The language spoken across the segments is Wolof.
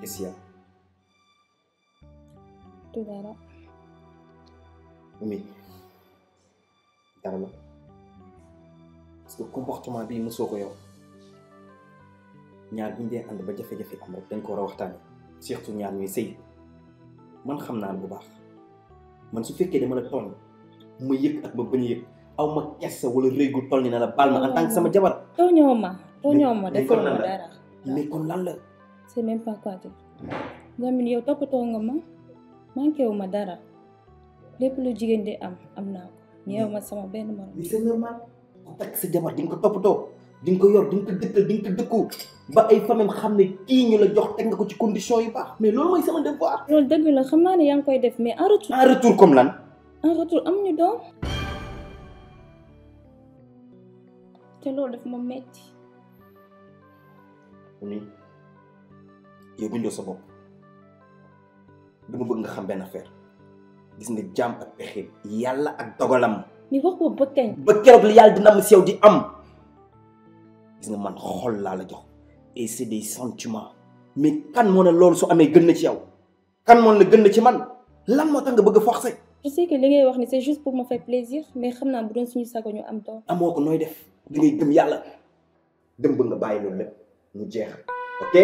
Isia. du dara. parce que comportement bi mosoo ñaar bu ñu ba jafe-jafe am ko war a waxtaane surtout man xam naa bu baax man su fekkee dama la tooñ ma yëg ak ma bañ a yëg aw ma kersa wala toll ni na la baal ma en sama jabar. tooñoo ma tooñoo ma dara mais kon lan la. c'est même pas quadrille Lamine yow toppatoo nga ma manqué wu ma dara lépp lu jigéen di am am naa ko ñëw ma sama benn morom. mais c'est normal ku takk sa jabar di nga ko toppatoo di nga ko yor di nga ko dëkkal di nga ko dëkku ba ay famem xam ne kii ñu la jox teg nga ko ci condition yu baax mais loolu mooy sama devoir. loolu dëgg la xam naa ne yaa ngi koy def mais en retour. en retour comme lan. en retour am ñu doom. te loolu daf ma metti. yow bindoo sa bopp dama bëgg nga xam benn affaire gis nga jaam ak pexeem yàlla ak dogalam. ni wax ko ba kañ. ba keroog li yàlla dina am si yow di am gis nga man xol laa la jox et c'est des sentiments mais kan moo ne loolu su amee gën na ci yow kan moon ne gën na ci man lan moo tax nga bëgg a forcer. je que li ngay wax ni c'est juste pour me faire plaisir mais xam naa bu doon suñu sago ñu am doom. amoo ko nooy def da ngay gëm yàlla dem bëgg nga bàyyi loolu lépp mu jeex ok.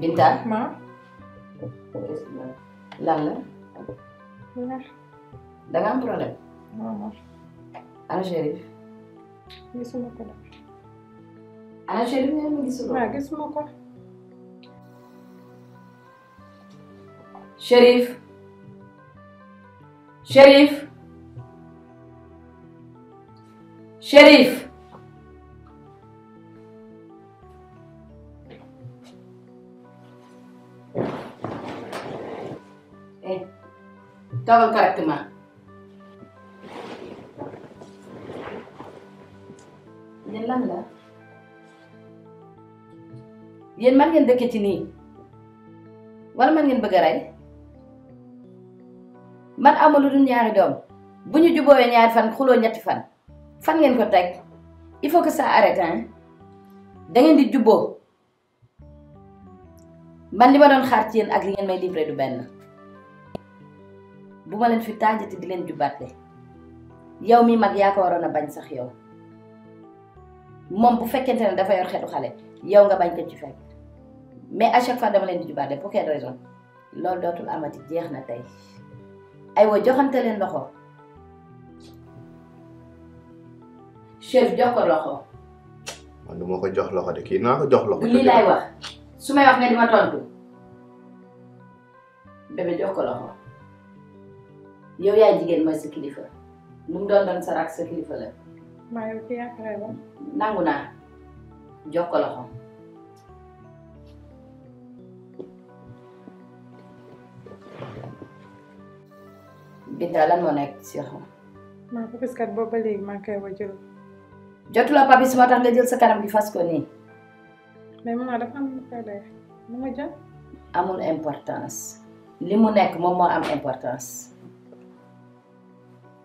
Binta. ma lan la. da nga am problème. waaw. ana Chérif. gisuma ko def. ana Chérif nee na gisuma ko. waaw gisuma ko. Chérif. Chérif. Chérif. dawal correctement. yéen lan la yéen man ngeen dëkkee ci nii wala man ngeen bëgg a rey man amul lu dul ñaari doom bu ñu jubóowee ñaari fan xuloo ñetti fan fan ngeen ko teg il faut que ça arrête hein di juboo man li ma doon xaar ci yéen ak li ngeen may livré du benn. bu ma leen fi taajati di leen jubaate yow mi mag yaa ko waroon a bañ sax yow moom bu fekkente ne dafa yor xetu xale yow nga bañ ko ci fekk mais à chaque fois dama leen di jubaate pour quelle raison loolu dootul amati jeex na tey aywa joxante leen loxo chef jox ko loxo. man du ko jox loxo de kii naa ko jox loxo. lii laay wax su may wax nga di ma tontu jox ko loxo. yow yaa jigéen mooy sa kilifa lu doon sa rakk sa kilifa la. maa ngi yaakaar nangu naa jox ko loxo. Binta lan moo nekk si yow. maa papis kat boobu ba léegi maa ngi koy jotuloo papis moo tax nga jël sa kanam di fas ko nii. mais maman dafa am lu koy def mu ma jël. amul importance li mu nekk moom moo am importance.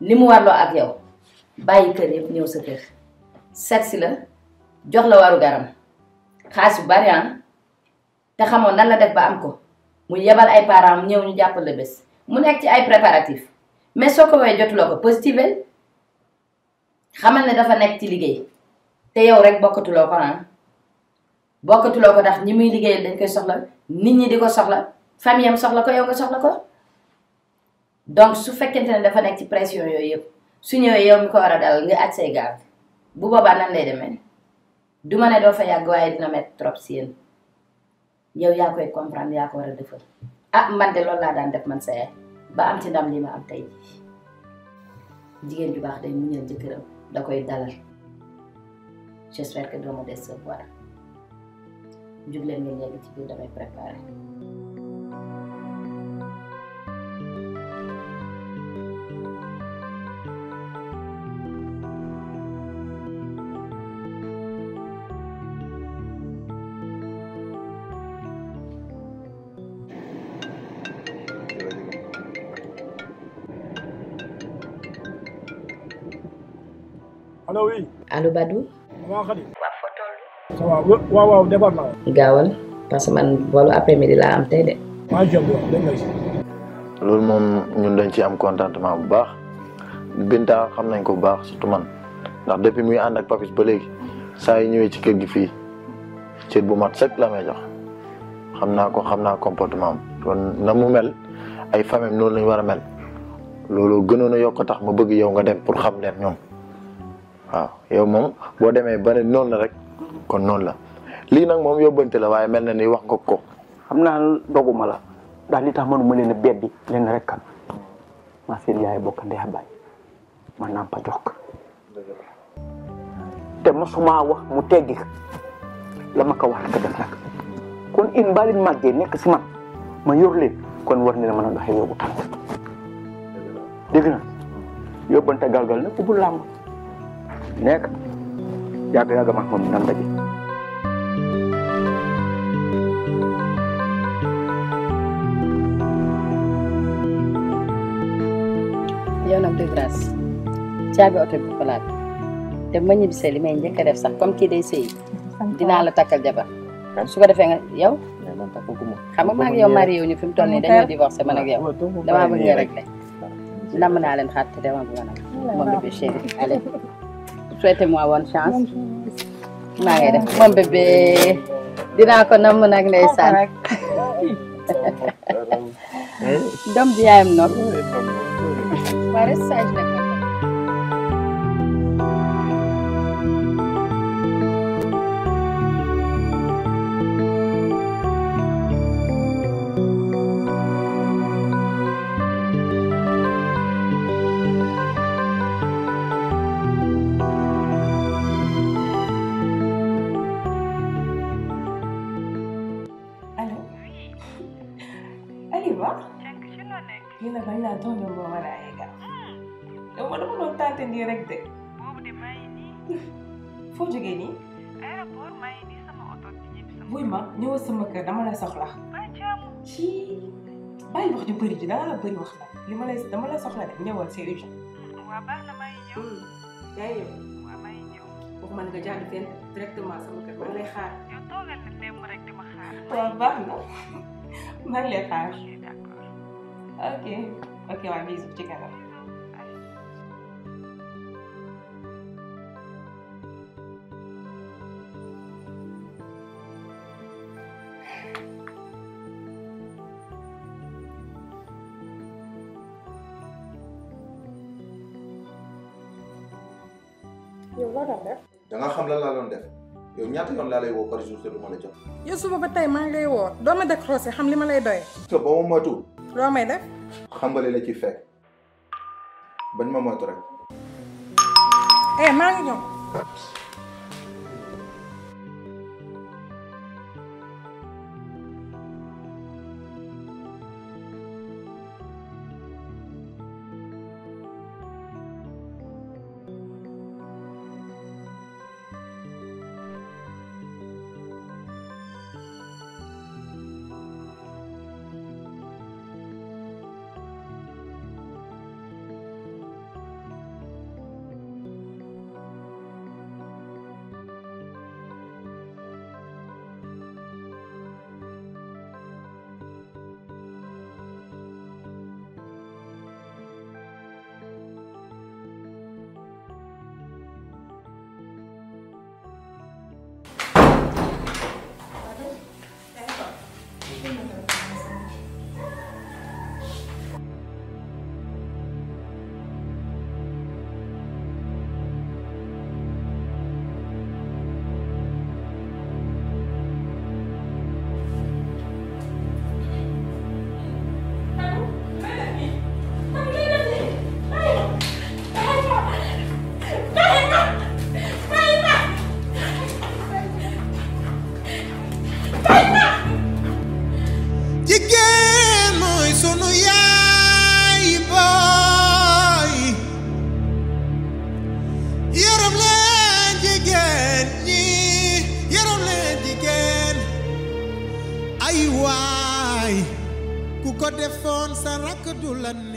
li mu warloo ak yow bàyyi kër yëpp ñëw sa kër seet si la jox la waru garam xaalis bu bari ah, te xamoon nan la def ba am ko mu yebal ay parents ñëw ñu jàppal la bés mu nekk ci ay préparatifs mais soo ko woowee jotuloo ko positivel xamal ne dafa nekk ci liggéey te yow rek bokkatuloo ko ah bokkatuloo ko ndax ñi muy liggéeyal dañ koy soxla nit ñi di ko soxla famille soxla ko yow nga soxla ko. donc su fekkente ne dafa nekk ci pression yooyu yëpp su ñëwee yow mi ko war a dal nga aj say gaal bu boobaa nan lay demee du ma ne doo fa yàgg waaye dina met trop si yow yaa koy comprendre yaa ko war a defal ah man de loolu laa daan def man sa yaay ba am ci ndam li ma am tey jigéen ju baax day muñal jëkkëram da koy dalal j'espère que doo ma décevoir jubleen ngeen ci biir damay préparer. allo oui. allo Badou. loolu moom ñun dañ ci am contentement bu baax Binta xam nañ ko bu baax surtout man ndax depuis muy ànd ak Papis ba léegi saa yu ñëwee ci kër gi fii cër bu mat sëkk la may jox xam naa ko xam naa comportement am na mu mel ay famille noonu lañ war a mel loolu gënoon a yokk tax ma bëgg yow nga dem pour xam leen ñoom. waaw yow moom boo demee ba ne noonu la rek kon noonu la lii nag moom yóbbante la waaye mel na ni wax nga ko. xam naa doguma la daal li tax mënuma leen a beddi leen rek kan maa seen bokk ndey baay ma nàmpa jokk te mosuma wax mu teggi la ma ko wax ka def nag kon in balin màggee nekk si man ma yor leen kon war ni la mën a doxee yóbbu tànk na yóbbante galgal nag ubbu làmb nekk yàgg yàgg ma moom nan daje yow nag de grâce caabi oto bi ko laaj ma ñibbisee li may njëkk a def sax comme kii de sëy dinaa la takkal jabar su ko defee nga yow xam nga maa ngi yow mari yow ñu fi mu toll nii dañoo divorcé man ak yow ah, damaa bëgg nga rek le namm naa leen xaar te dama bëgg na moom bi chéri allez souhaitez-moi bonne chance. maa ngi def moom bébé dinaa ko namm nag ndeysaan. doom bi yaayam nag. waa la bañ naa tontu moo war a yeggal yow ma dama doon tànte nii rek de. foo jógee nii. buy ma ñëwal sama kër dama la soxla. ci bàyyi wax ju bëri ji dama la bëri wax la li ma lay dama la soxla de ñëwal c'est urgent. yaa ngi ñëw. foofu man nga jàll fenn directement sama kër man lay xaar. waaw baax na man lay xaar. Okay. Okay, my music together. yow loo doon xam lan laa doon def yow ñaata yoon laa lay woo par jour te du ma la jot. yow suba ba tey maa ngi lay woo doo ma décroché xam li ma lay doyee. te ba ma moytuwul. loo may def. xam nga li la ci fekk bañ ma moytu rek. eh maa ngi ñëw. ay waay ku ko defoon sa rakk du la